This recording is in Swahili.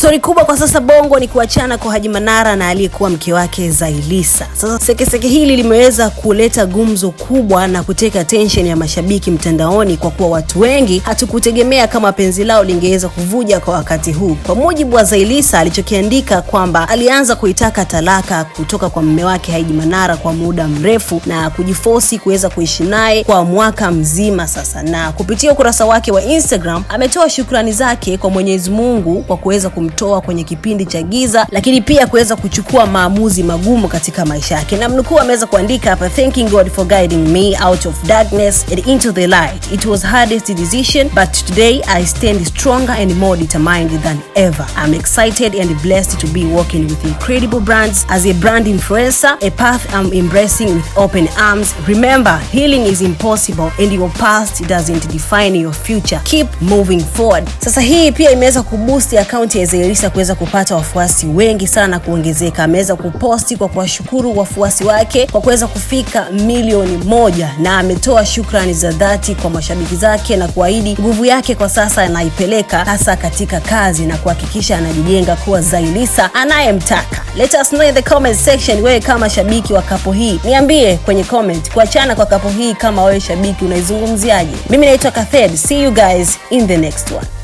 Stori kubwa kwa sasa Bongo ni kuachana kwa Haji Manara na aliyekuwa mke wake Zailisa. Sasa sekeseke hili limeweza kuleta gumzo kubwa na kuteka tension ya mashabiki mtandaoni, kwa kuwa watu wengi hatukutegemea kama penzi lao lingeweza kuvuja kwa wakati huu. Kwa mujibu wa Zailisa alichokiandika kwamba alianza kuitaka talaka kutoka kwa mume wake Haji Manara kwa muda mrefu na kujifosi kuweza kuishi naye kwa mwaka mzima sasa, na kupitia ukurasa wake wa Instagram ametoa shukrani zake kwa Mwenyezi Mungu kwa kuweza kumtoa kwenye kipindi cha giza, lakini pia kuweza kuchukua maamuzi magumu katika maisha yake. Na mnukuu ameweza kuandika hapa, thanking God for guiding me out of darkness and into the light. It was hardest decision but today I stand stronger and more determined than ever. I'm excited and blessed to be working with incredible brands as a brand influencer, a path I'm embracing with open arms. Remember, healing is impossible and your past doesn't define your future. Keep moving forward. Sasa hii pia imeweza kubusti akaunti ya Lisa kuweza kupata wafuasi wengi sana kuongezeka. Ameweza kuposti kwa kuwashukuru wafuasi wake kwa kuweza kufika milioni moja na ametoa shukrani za dhati kwa mashabiki zake na kuahidi nguvu yake kwa sasa anaipeleka hasa katika kazi na kuhakikisha anajijenga kuwa Zailisa anayemtaka. Let us know in the comment section, wewe kama shabiki wa kapo hii niambie kwenye comment, kuachana kwa kapo hii kama wewe shabiki unaizungumziaje? Mimi naitwa Kathed, see you guys in the next one.